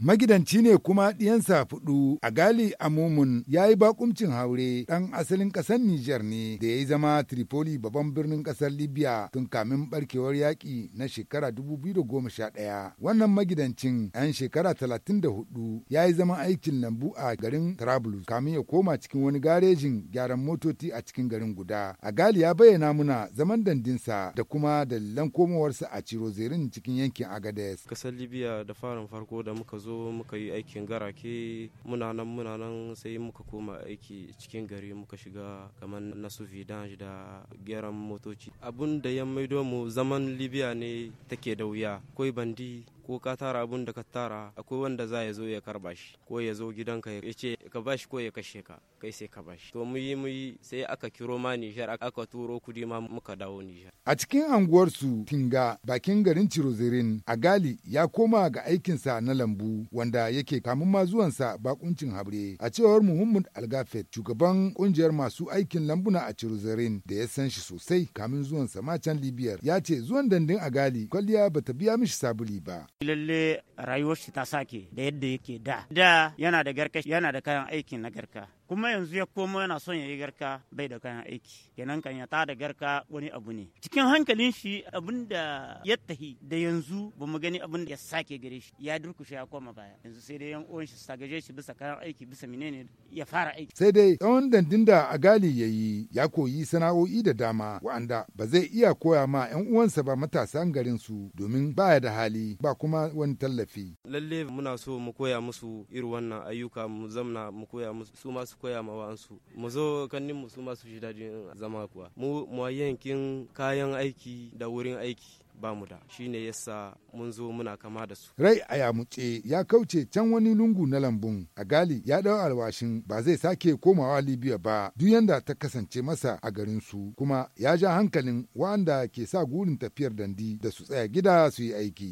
Magidanci ne kuma ɗiyansa fudu a gali amumun ya yi bakuncin haure ɗan asalin ƙasar Nijar ne da ya yi zama Tripoli babban birnin ƙasar Libya tun kamin barkewar yaƙi na shekara 2011. Wannan magidancin 'yan shekara 34 ya yi zama aikin lambu a garin Trablus kamin ya koma cikin wani garejin gyaran motoci a cikin garin guda. A gali ya bayyana muna zaman dandinsa da kuma dalilan komowarsa a Ciro cikin yankin Agades. Ƙasar Libya da farin farko da muka zo zo muka yi aikin garake muna nan muna nan sai muka koma aiki cikin gari muka shiga kamar na su da gyaran motoci abun da ya maido mu zaman libya ne take da wuya akwai bandi ko ka tara abun da ka tara akwai wanda za ya zo ya karba shi ko ya zo gidanka ya ce ka bashi ko ya kashe ka kai sai ka bashi to muyi muyi sai aka kiro ma Nijar aka turo kudi ma muka dawo Nijar a cikin anguwar su Tinga bakin garin a gali ya koma ga aikin sa na lambu wanda yake kamun ma zuwan sa bakuncin habre a cewar Muhammad Algafet shugaban kungiyar masu aikin lambu na a Cirozirin da ya san shi sosai kamin zuwansa ma can Libiyar ya ce zuwan dandin Agali kwalliya bata biya mishi sabuli ba lalle rayuwar shi ta sake da yadda yake da da yana da garka yana da kayan aikin na garka kuma yanzu ya komo yana son ya yi garka bai da kayan aiki kenan kan ya ta da garka wani abu ne cikin hankalin shi abin da ya tahi da yanzu ba mu gani abin da ya sake gare shi ya durkushe ya koma baya yanzu sai dai yan uwan shi gaje shi bisa kayan aiki bisa menene ya fara aiki sai dai tsawon dandin da agali ya yi ya koyi sana'o'i da dama wa'anda ba zai iya koya ma yan uwansa ba matasan garin su domin baya da hali ba kuma wani tallafi lalle muna so mu koya musu irin wannan ayyuka mu zamna mu koya musu su koya ma wa'ansu mu zo kannin mu su masu shi dadin zama kuwa mu kayan aiki da wurin aiki ba mu da shi ne yasa mun zo muna kama da su. Rai a yamutse ya kauce can wani lungu na lambun a gali ya dawo alwashin ba zai sake komawa Libya ba duk yanda ta kasance masa a garin su kuma ya ja hankalin wa'anda ke sa gurin tafiyar dandi da su tsaya gida su yi aiki.